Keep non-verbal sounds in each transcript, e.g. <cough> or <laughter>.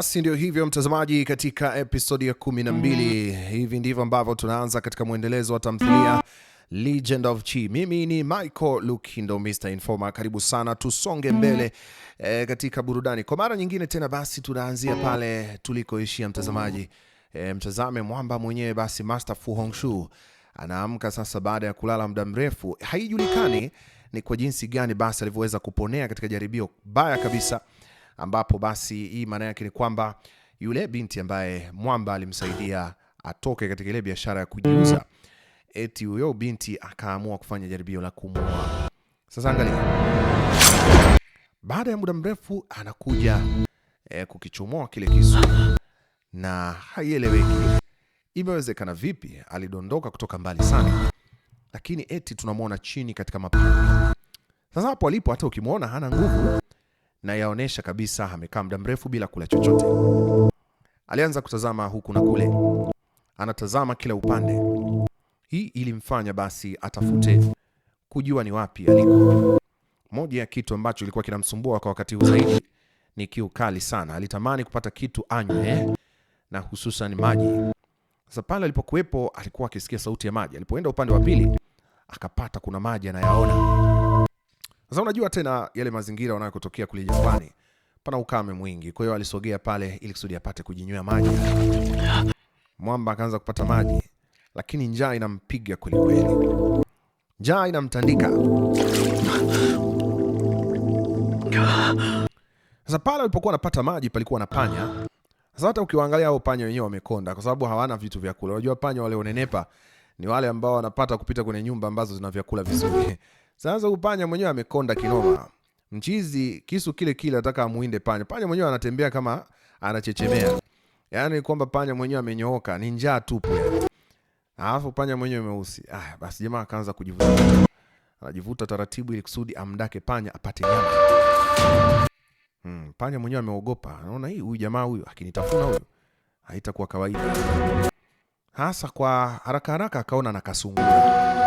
Basi ndio hivyo mtazamaji, katika episodi ya 12 mm-hmm. hivi ndivyo ambavyo tunaanza katika mwendelezo wa tamthilia Legend of Chi. Mimi ni Michael Lukindo, Mr. Informa. Karibu sana, tusonge mm-hmm. mbele e, katika burudani kwa mara nyingine tena. Basi tunaanzia pale tulikoishia mtazamaji. E, mtazame mwamba mwenyewe basi, Master Fu Hongxue anaamka sasa baada ya kulala muda mrefu. Haijulikani ni kwa jinsi gani basi alivyoweza kuponea katika jaribio baya kabisa ambapo basi hii maana yake ni kwamba yule binti ambaye mwamba alimsaidia atoke katika ile biashara ya kujiuza, eti huyo binti akaamua kufanya jaribio la kumuua. Sasa angalia, baada ya muda mrefu anakuja e, kukichomoa kile kisu na haieleweki imewezekana vipi, alidondoka kutoka mbali sana, lakini eti tunamwona chini katika mapato. Sasa hapo alipo, hata ukimwona hana nguvu na yaonesha kabisa amekaa muda mrefu bila kula chochote. Alianza kutazama huku na kule, anatazama kila upande. Hii ilimfanya basi atafute kujua ni wapi aliko. Moja ya kitu ambacho ilikuwa kinamsumbua kwa wakati huu zaidi ni kiu kali sana. Alitamani kupata kitu anywe eh, na hususan maji. Sasa pale alipokuwepo alikuwa akisikia sauti ya maji. Alipoenda upande wa pili akapata kuna maji anayaona. Sasa unajua tena yale mazingira wanayotokea kule Japani, pana ukame mwingi, kwa hiyo alisogea pale ili kusudi apate kujinywea maji. Mwamba akaanza kupata maji, lakini njaa inampiga kwelikweli, njaa inamtandika. Sasa pale alipokuwa anapata maji palikuwa na panya. Sasa hata ukiwaangalia hao panya wenyewe wamekonda, kwa sababu hawana vitu vya kula. Unajua panya wale onenepa ni wale ambao wanapata kupita kwenye nyumba ambazo zina vyakula vizuri sasa panya mwenyewe amekonda kinoma, mchizi kisu kile kile anataka amuinde panya. Panya mwenyewe anatembea kama anachechemea, yani kwamba panya mwenyewe amenyooka, ni njaa tupu. Alafu panya mwenyewe meusi. Ah, basi jamaa akaanza kujivuta, anajivuta taratibu ili kusudi amdake panya apate nyama. Hmm, panya mwenyewe ameogopa, anaona hii, huyu jamaa huyu akinitafuna huyu haitakuwa kawaida. Hasa kwa haraka haraka akaona na kasungura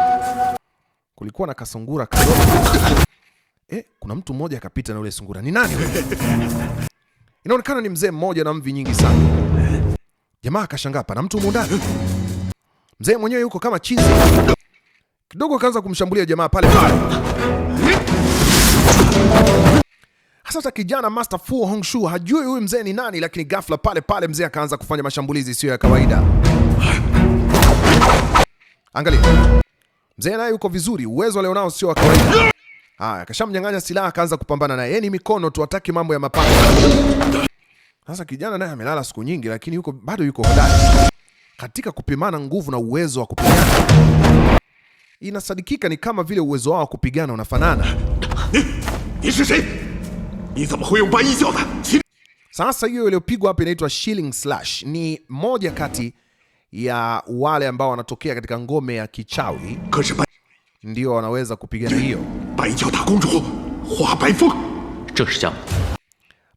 kulikuwa na kasungura kadogo. <laughs> Eh, kuna mtu mmoja akapita na ule sungura. Ni nani <laughs> Inaonekana ni mzee mmoja na mvi nyingi sana. Jamaa akashangaa, pana mtu mundani. <laughs> Mzee mwenyewe yuko kama chizi. Kidogo akaanza kumshambulia jamaa pale pale. Sasa kijana Master Fu Hongxue hajui huyu mzee ni nani, lakini ghafla pale pale mzee akaanza kufanya mashambulizi sio ya kawaida. Angalia. Mzee naye yuko vizuri, uwezo alionao sio wa kawaida. Haya, akashamnyang'anya silaha, akaanza kupambana naye. Yaani mikono tu, hataki mambo ya mapanga. Sasa kijana naye amelala siku nyingi, lakini yuko bado yuko hodari katika kupimana nguvu na uwezo wa kupigana. Inasadikika ni kama vile uwezo wao wa kupigana unafanana. Sasa hiyo iliyopigwa hapa inaitwa shilling slash, ni moja kati ya wale ambao wanatokea katika ngome ya kichawi ndio wanaweza kupigana hiyo.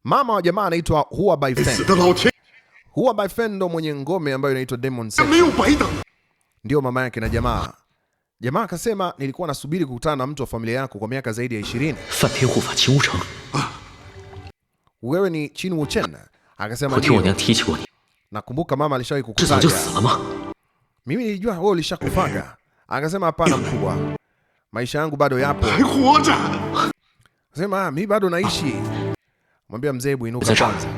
Mama wa jamaa anaitwa Hua Baifeng. Hua Baifeng ndo mwenye ngome ambayo inaitwa Demon Center. Ndio mama yake na jamaa. Jamaa akasema nilikuwa nasubiri kukutana na mtu wa familia yako kwa miaka zaidi ya 20. Wewe ni Qin Wuchen. Akasema Nakumbuka mama alishawahi kukufaga. Mimi nilijua wewe ulishakufaga. Akasema hapana mkubwa, maisha yangu bado yapo. Sema mimi ah, bado naishi. Mwambia mzee, hebu inuka kwanza.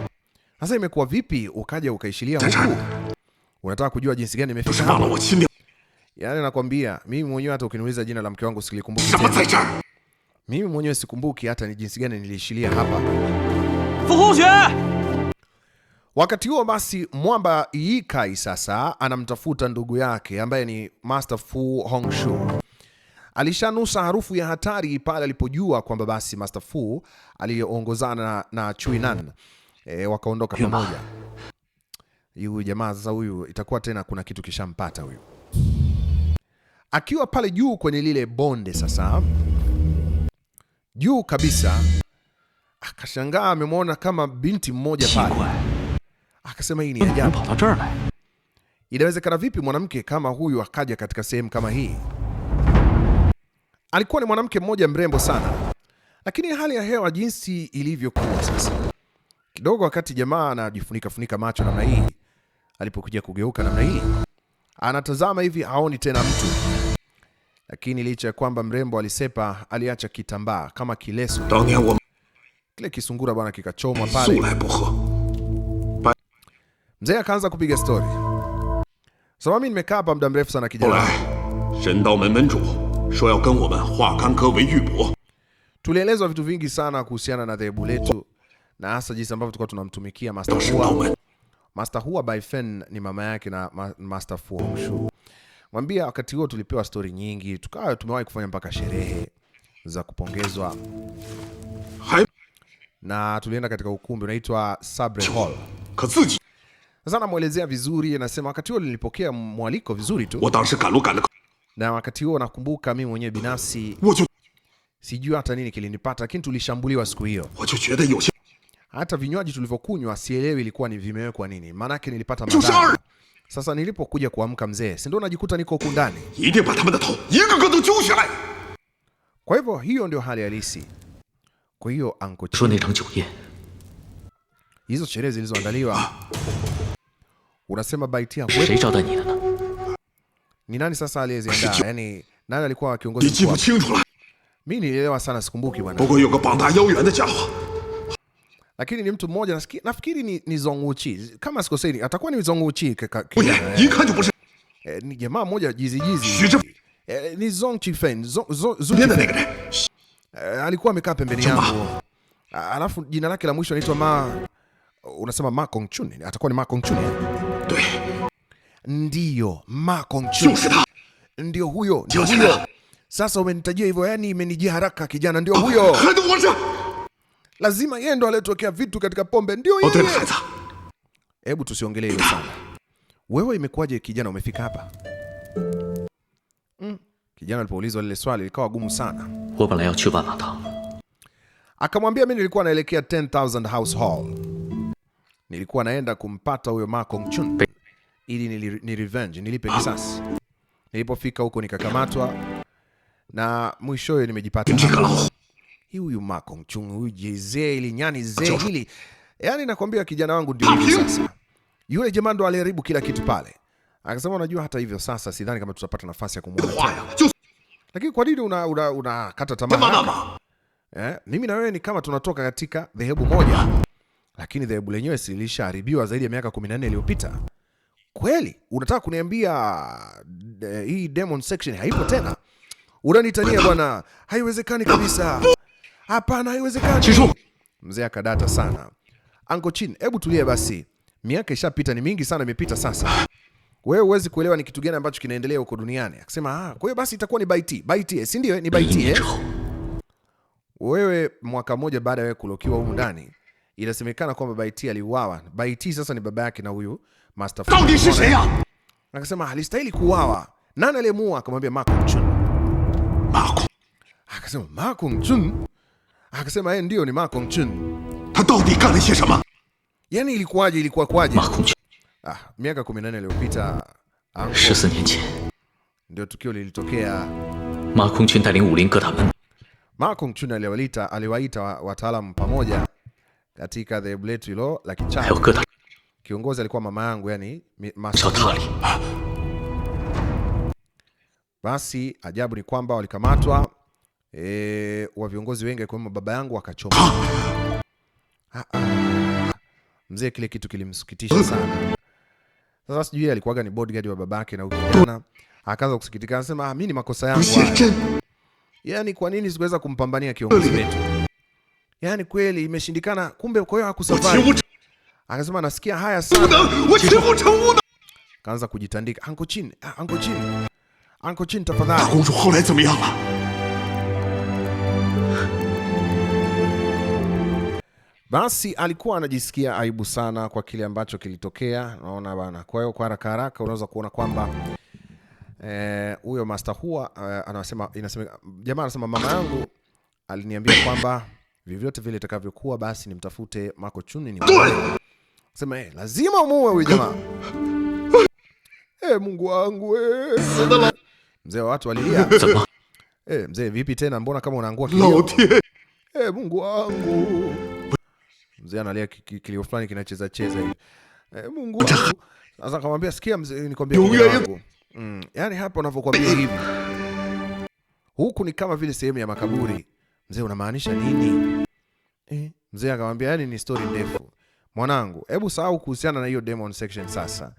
Sasa imekuwa vipi ukaja ukaishilia huku? Unataka kujua jinsi gani nimefika hapa? Yaani nakwambia mimi mwenyewe hata ukiniuliza jina la mke wangu sikilikumbuki. Mimi mwenyewe sikumbuki hata ni jinsi gani niliishilia hapa. Wakati huo basi, mwamba Ye Kai sasa anamtafuta ndugu yake ambaye ni Master Fu Hongxue. Alishanusa harufu ya hatari pale alipojua kwamba basi Master Fu aliyeongozana na Chui Nan e, wakaondoka pamoja. Yule jamaa sasa, huyu itakuwa tena kuna kitu kishampata huyu. Akiwa pale juu kwenye lile bonde sasa, juu kabisa, akashangaa amemwona kama binti mmoja pale akasema hii ni ajabu. Inawezekana vipi mwanamke kama huyu akaja katika sehemu kama hii? Alikuwa ni mwanamke mmoja mrembo sana, lakini hali ya hewa jinsi ilivyokuwa sasa kidogo, wakati jamaa anajifunika funika macho namna hii, alipokuja kugeuka namna hii, anatazama hivi, haoni tena mtu. Lakini licha ya kwamba mrembo alisepa, aliacha kitambaa kama kileso, kile kisungura bwana kikachomwa pale Mzee akaanza kupiga stori. So mimi nimekaa hapa muda mrefu sana kijana. men shuo yao hua wei Tulielezwa vitu vingi sana kuhusiana na dhehebu letu na hasa jinsi ambavyo tulikuwa tunamtumikia Master Hua. Master Hua Baifen ni mama yake na Master Fu Hongxue. Mwambia wakati huo tulipewa stori nyingi, tukawa tumewahi kufanya mpaka sherehe za kupongezwa na tulienda katika ukumbi unaitwa Sabre Hall. Kazuji. Sasa namwelezea vizuri, anasema wakati huo nilipokea mwaliko vizuri tu, na wakati huo nakumbuka mimi mwenyewe binafsi sijui hata nini kilinipata, lakini tulishambuliwa siku hiyo. Hata vinywaji tulivyokunywa sielewi ilikuwa ni vimewekwa nini, maanake nilipata madhara. Sasa nilipokuja kuamka mzee, si ndio najikuta niko huku ndani. Kwa hivyo hiyo ndio hali halisi. Kwa hiyo anko hizo sherehe zilizoandaliwa ah. Unasema baiti yangu ni nani sasa aliyeziandaa? Yani nani alikuwa kiongozi mkuu? Mimi nielewa sana, sikumbuki bwana. Lakini ni mtu mmoja nafikiri ni, ni Zonguchi Kama sikosei atakuwa ni Zongwuchi. Eh, eh, ni jamaa mmoja jizi jizi. Eh, ni Zongchi Fen. Alikuwa amekaa pembeni yangu. Alafu jina lake la mwisho anaitwa Ma. Unasema Ma Kongchun. Atakuwa ni Ma Kongchun. Ndiyo Ma Kongqun, ndio ndio huyo. Sasa umenitajia hivyo, yani imenijia haraka kijana, ndio huyo. Ah, Lazima yeye ndo aliyetokea vitu katika pombe, ndio yeye. Hebu tusiongelee hiyo sana. Wewe imekuwaje kijana, umefika hapa? Mm. Kijana alipoulizwa lile swali likawa gumu sana. Akamwambia mimi nilikuwa naelekea 10000 House Hall nilikuwa naenda kumpata huyo Ma Kongqun ili nili, ni revenge, nilipe kisasi. Nilipofika huko nikakamatwa na mwishowe nimejipata hii. Huyu Ma Kongqun huyu jeze ili nyani zee hili, Yaani nakwambia kijana wangu ndio hivi sasa. Yule jamaa ndo aliharibu kila kitu pale. Akasema unajua, hata hivyo sasa sidhani kama tutapata nafasi ya kumuona tena. Lakini kwa nini unakata una, una tamaa? Eh, mimi na wewe ni kama tunatoka katika dhehebu moja lakini dhehebu lenyewe si silishaharibiwa zaidi ya miaka 14 iliyopita. Kweli unataka kuniambia de, hii demon section haipo tena? Unanitania bwana, haiwezekani kabisa. Hapana, haiwezekani. Mzee akadata sana. Anko Chin, hebu tulie basi, miaka ishapita, ni mingi sana imepita sasa. Wewe huwezi kuelewa ni kitu gani ambacho kinaendelea huko duniani. Akasema ah, kwa hiyo basi itakuwa ni baiti baiti, eh, si ndio? Eh? Ni baiti eh? Wewe mwaka mmoja baada ya wewe kulokiwa huko ndani inasemekana kwamba Baiti aliuawa. Baiti sasa ni baba yake na huyu Master Fu. Akasema alistahili kuuawa. Nani aliyemuua? Akamwambia Ma Kongqun. Akasema Ma Kongqun. Akasema yeye eh, ndio ni Ma Kongqun. Yaani ilikuwaje, ilikuwa kwaje? Ah, miaka 18 iliyopita ndio tukio lilitokea. Ma Kongqun aliwaita wataalamu pamoja katika dhehebu letu hilo la kichawi. Kiongozi alikuwa mama yangu, yani masotali. basi. Ajabu ni kwamba walikamatwa e, wa viongozi wengi kwa baba yangu wakachoma. Ah, ah. Mzee, kile kitu kilimsikitisha sana. Sasa sijui alikuwaga ni bodyguard wa babake na huyo kijana akaanza kusikitika, anasema ah, mimi ni makosa yangu, yani kwa nini sikuweza kumpambania kiongozi wetu Yani kweli imeshindikana, kumbe kwa hiyo hakusafari. Akasema nasikia haya sana. Kaanza kujitandika. Anko chini, ah, Anko chini, Anko chini tafadhali. Basi alikuwa anajisikia aibu sana kwa kile ambacho kilitokea. naona bana. Kwa hiyo kwa haraka haraka unaweza kuona kwamba eh, huyo eh, master huwa eh, anasema inasema jamaa anasema mama yangu aliniambia kwamba vyovyote vile itakavyokuwa, basi nimtafute Marco Chuni ni sema eh, lazima muue huyu jamaa <laughs> eh, Mungu wangu eh. Mzee wa watu walilia eh, mzee vipi tena, mbona kama unaangua kilio eh, Mungu wangu. Mzee analia kilio fulani kinacheza cheza hivi eh, Mungu wangu. Sasa kamwambia, sikia mzee, nikwambia kilio wangu mm, yani hapa unavyokuambia hivi, huku ni kama vile sehemu ya makaburi Mm mzee unamaanisha nini? Eh, mzee akamwambia yani ni story ndefu mwanangu, hebu sahau kuhusiana na hiyo Demon Section sasa.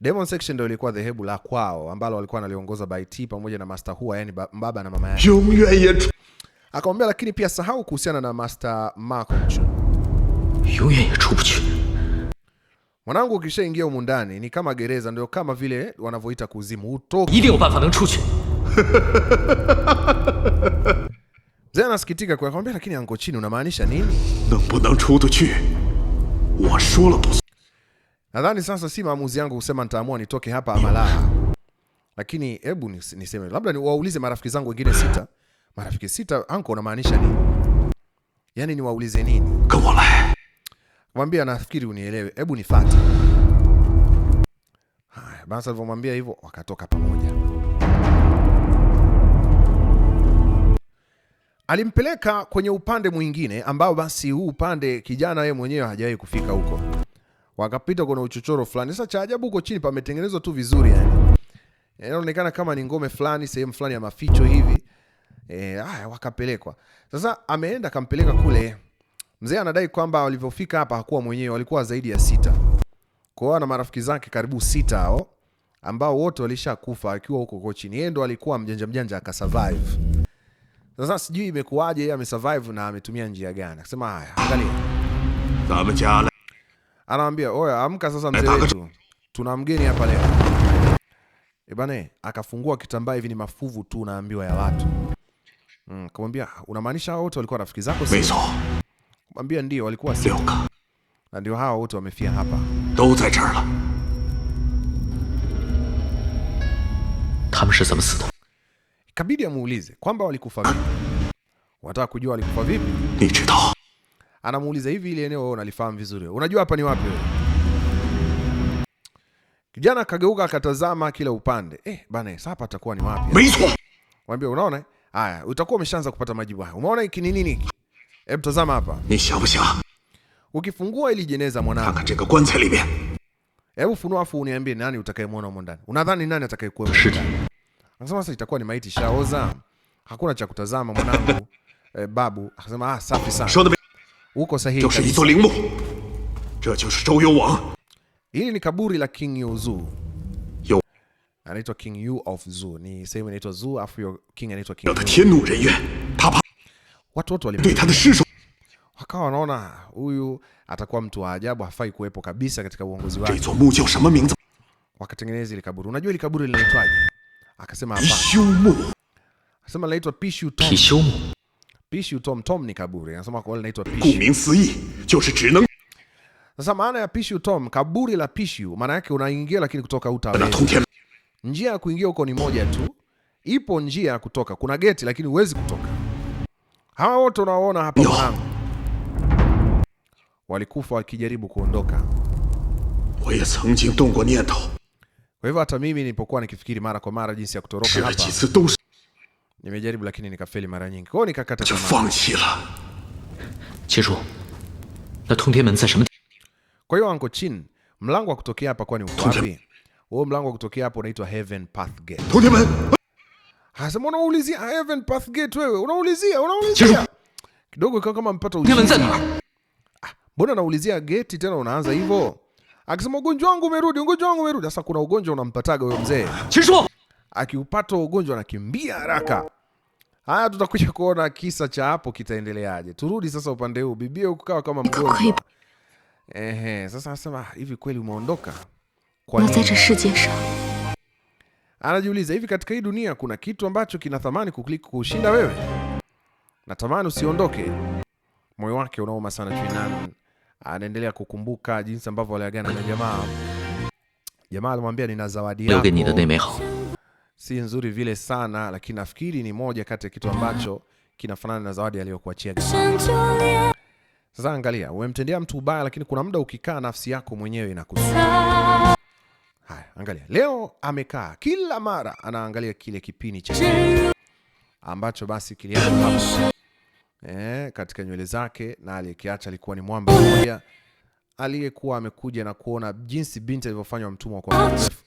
Demon Section ndio ilikuwa dhehebu la kwao ambalo walikuwa by T pamoja na Master Hua, yani baba na mama yake. Akamwambia lakini pia sahau kuhusiana na Master Marco. Mwanangu, ukishaingia humu ndani ni kama gereza, ndio kama vile wanavyoita kuzimu, utoki <laughs> Zena anasikitika kwa kumwambia, lakini anko chini unamaanisha nini? Nadhani sasa si maamuzi yangu kusema nitaamua nitoke hapa ama la. Lakini hebu niseme labda niwaulize marafiki zangu wengine sita. Marafiki sita, anko unamaanisha nini? Yaani niwaulize nini? Eh. Mwambie nafikiri unielewe. Hebu nifuate. Haya, basi alivyomwambia hivyo wakatoka pamoja. alimpeleka kwenye upande mwingine ambao basi huu upande kijana yeye mwenyewe hajawahi kufika huko, wakapita kuna uchochoro fulani. Sasa cha ajabu huko chini pametengenezwa tu vizuri, yani inaonekana kama ni ngome fulani, sehemu fulani ya maficho hivi. E, ah, wakapelekwa sasa, ameenda akampeleka kule. Mzee anadai kwamba walivyofika hapa hakuwa mwenyewe, walikuwa zaidi ya sita, kwa hiyo na marafiki zake karibu sita hao ambao wote walishakufa akiwa huko huko chini. Yeye ndo alikuwa mjanja mjanja akasurvive sasa sijui imekuwaje yeye amesurvive na ametumia njia gani. Akasema haya, angalia. Anaambia, oya amka sasa mzee wetu. Tuna mgeni hapa leo. E bana eh, akafungua kitambaa hivi ni mafuvu tu naambiwa ya watu. Mm, kumwambia, unamaanisha hao wote walikuwa rafiki zako sio? Akamwambia ndio walikuwa sio. Na ndio hao wote wamefia hapa. Dou zai zhe kabidi amuulize kwamba walikufa vipi. Wanataka kujua walikufa vipi, anamuuliza hivi, ile eneo wewe unalifahamu vizuri, unajua hapa ni wapi wewe? Kijana akageuka akatazama kila upande. Eh, bana, sasa hapa atakuwa ni wapi? Mwambie, unaona haya, utakuwa umeshaanza kupata majibu haya. Umeona hiki ni nini? hiki? Hebu tazama hapa, ukifungua ili jeneza mwanangu, kwanza libia. hebu funua afu uniambie nani utakayemwona humo ndani. Unadhani nani atakayekuwa humo ndani? Akasema sasa itakuwa ni maiti shaoza, hakuna cha kutazama mwanangu. <laughs> Eh, babu akasema ah, safi sana, uko sahihi. Hili ni kaburi la King Yu Zu, anaitwa King Yu of Zu, ni sehemu inaitwa Zu, afu king anaitwa King Yu. Watu wote walimtii wakawa wanaona huyu atakuwa mtu wa ajabu, hafai kuwepo kabisa katika uongozi wake. Wakatengeneza ile kaburi. Unajua ile kaburi linaitwaje? akasema hapana, akasema naitwa Pishu Tom. Pishu. Pishu Tom Tom ni kaburi. Anasema kwa wale naitwa Pishu. Sasa maana ya Pishu Tom, kaburi la Pishu, maana yake unaingia lakini kutoka hutaweza. Njia ya kuingia huko ni moja tu. Ipo njia ya kutoka. Kuna geti lakini huwezi kutoka. Hawa wote unaoona hapa mwanangu walikufa wakijaribu kuondoka. Kwa hivyo hata mimi nilipokuwa nikifikiri mara kwa mara jinsi ya kutoroka hapa, nimejaribu lakini nikafeli mara nyingi. Kwa hiyo nikakata tamaa. Kwa hiyo Uncle Chin, mlango wa kutokea hapa kwani uko wapi? Huo mlango wa kutokea hapo unaitwa Heaven Path Gate. Hasa mbona unaulizia Heaven Path Gate wewe? Unaulizia, unaulizia. Kidogo kama mpata ujibu. Ah, mbona unaulizia gate tena unaanza hivyo? akisema ugonjwa wangu umerudi, ugonjwa wangu umerudi. Sasa kuna ugonjwa unampataga huyo mzee, akiupata ugonjwa anakimbia haraka. Haya, tutakuja kuona kisa cha hapo kitaendeleaje. Turudi sasa upande huu, bibie hukukawa kama mgonjwa. Ehe, sasa anasema hivi, kweli umeondoka? Kwa nini? Anajiuliza, hivi katika hii dunia kuna kitu ambacho kina thamani kukuliko kushinda wewe? Natamani usiondoke. Moyo wake unauma sana Chuinan anaendelea kukumbuka jinsi ambavyo waliagana na jamaa. Jamaa alimwambia nina zawadi yako, si nzuri vile sana, lakini nafikiri ni moja kati ya kitu ambacho kinafanana na zawadi aliyokuachia. Sasa angalia, umemtendea mtu ubaya, lakini kuna muda ukikaa, nafsi yako mwenyewe inakusumbua. Haya, angalia leo amekaa, kila mara anaangalia kile kipini cha ambacho basi kilianza hapo eh, katika nywele zake na aliyekiacha alikuwa ni mwamba mmoja aliyekuwa amekuja na kuona jinsi binti alivyofanywa mtumwa kwa muda mrefu.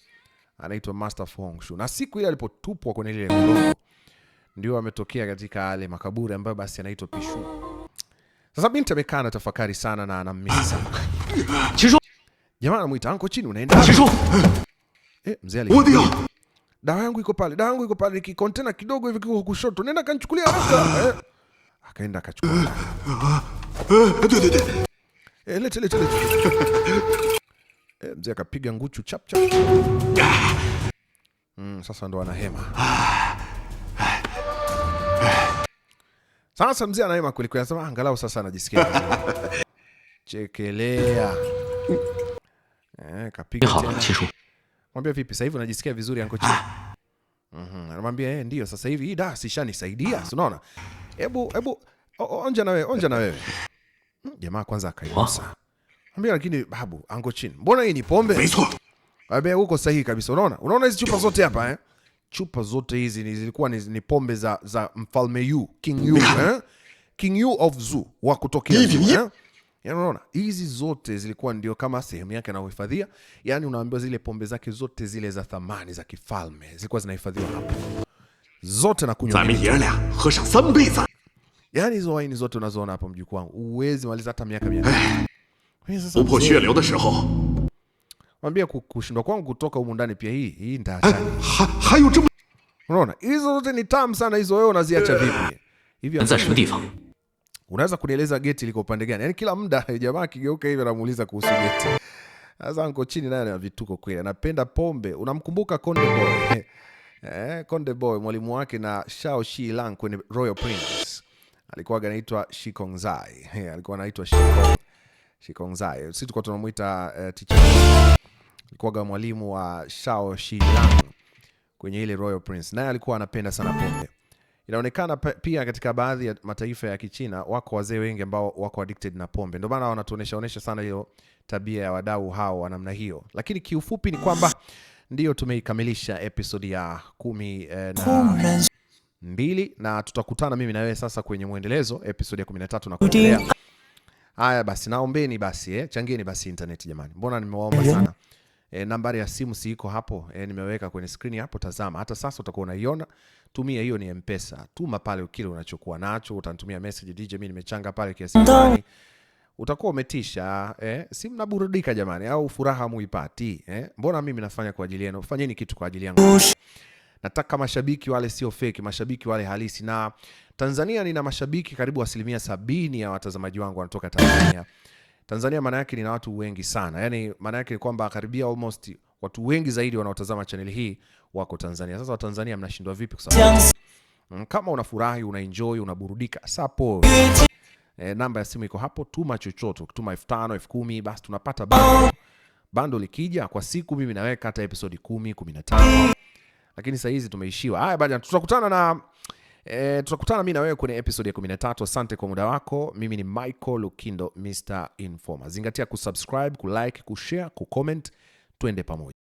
Anaitwa Master Fu Hongxue. Na siku ile alipotupwa kwenye lile korongo ndio ametokea katika yale makaburi ambayo basi anaitwa Pishu. Sasa binti amekaa tafakari sana na anamisi sana. Jamaa anamuita anko, chini unaenda. Eh, mzee ali. Dawa yangu iko pale, dawa yangu iko pale, kikontena kidogo hivi kiko kushoto. Nenda kanichukulia haraka. Eh akaenda akachukua e, E, mzee akapiga nguchu chap chap. Mm, sasa ndo anahema sasa. Mzee anahema kweli kweli, anasema angalau sasa anajisikia chekelea. Eh, kapiga mwambia, vipi sasa hivi unajisikia vizuri ankochi? Ah. Mhm, anamwambia eh, ndio sasa hivi hii da, sishanisaidia unaona hebu hebu onja na wewe, onja na wewe. Hmm, jamaa kwanza akaigusa. Ambia lakini babu, ango chini. Mbona hii ni pombe? Ambia uko sahihi kabisa. Unaona? Unaona hizi chupa zote hapa eh? Chupa zote hizi zilikuwa ni, ni pombe za za mfalme Yu, King Yu, eh? King Yu of wa kutokea eh? Yaani unaona? Hizi zote zilikuwa ndio kama sehemu yake anayohifadhia. Yaani unaambiwa zile pombe zake zote zile za thamani za kifalme zilikuwa zinahifadhiwa hapo. Zote na kunywa. Yani hizo waini zote unazoona hapa mjukuu wangu, uwezi maliza hata miaka mia <sighs> Mwambia kushindwa kwangu kutoka humu ndani pia hii hii ndaachana. Eh, Unaona? Hizo zote ni tamu sana hizo wewe unaziacha eh. vipi? Hivyo unaweza kunieleza geti liko upande gani? Yaani kila muda eh, jamaa akigeuka hivi anamuuliza kuhusu geti. Sasa nko chini naye ana vituko kweli. Anapenda pombe. Unamkumbuka Konde Boy? <laughs> Eh, Konde Boy mwalimu wake na Shao Shi Lang kwenye Royal Prince alikuwa anaitwa Shikongzai. Yeah, alikuwa anaitwa Shikong, <laughs> Shikongzai. Sisi tulikuwa tunamuita uh, teacher. Alikuwa mwalimu wa Shao Shilang kwenye ile Royal Prince. Naye alikuwa anapenda sana pombe. Inaonekana pia katika baadhi ya mataifa ya Kichina wako wazee wengi ambao wako addicted na pombe. Ndio maana wanatuonesha onesha sana hiyo tabia ya wadau hao wa namna hiyo. Lakini kiufupi ni kwamba ndio tumeikamilisha episode ya kumi eh, na mbili, na tutakutana mimi na wewe sasa kwenye mwendelezo episode ya 13 na kuendelea. Haya basi, naombeni basi eh, changieni basi internet jamani, mbona nimewaomba sana e, Nambari ya simu si iko hapo e, nimeweka kwenye screen hapo, tazama hata sasa utakuwa unaiona. Tumia hiyo, ni mpesa, tuma pale kile unachokuwa nacho, utanitumia message DJ, mimi nimechanga pale kiasi gani, utakuwa umetisha eh? Si mnaburudika jamani, au furaha muipati eh? Mbona mimi nafanya kwa ajili yenu? Fanyeni kitu kwa ajili yangu nataka mashabiki wale sio feki, mashabiki wale halisi. Na Tanzania nina mashabiki karibu asilimia sabini ya watazamaji wangu wanatoka Tanzania. Tanzania maana yake nina watu wengi sana, yani maana yake ni kwamba karibia almost watu wengi zaidi wanaotazama channel hii wako Tanzania. Sasa Watanzania mnashindwa vipi? Kwa sababu mm, kama unafurahi, unaenjoy, unaburudika, support E, namba ya simu iko hapo, tuma chochote, tuma elfu tano elfu kumi basi tunapata bando. Bando likija kwa siku, mimi naweka hata episodi kumi kumi na tano lakini sahizi hizi tumeishiwa. Haya bana, tutakutana na E, tutakutana mi na wewe kwenye episode ya 13. Asante kwa muda wako. Mimi ni Michael Lukindo, Mr Informer. Zingatia kusubscribe, kulike, kushare, kucomment. Twende pamoja.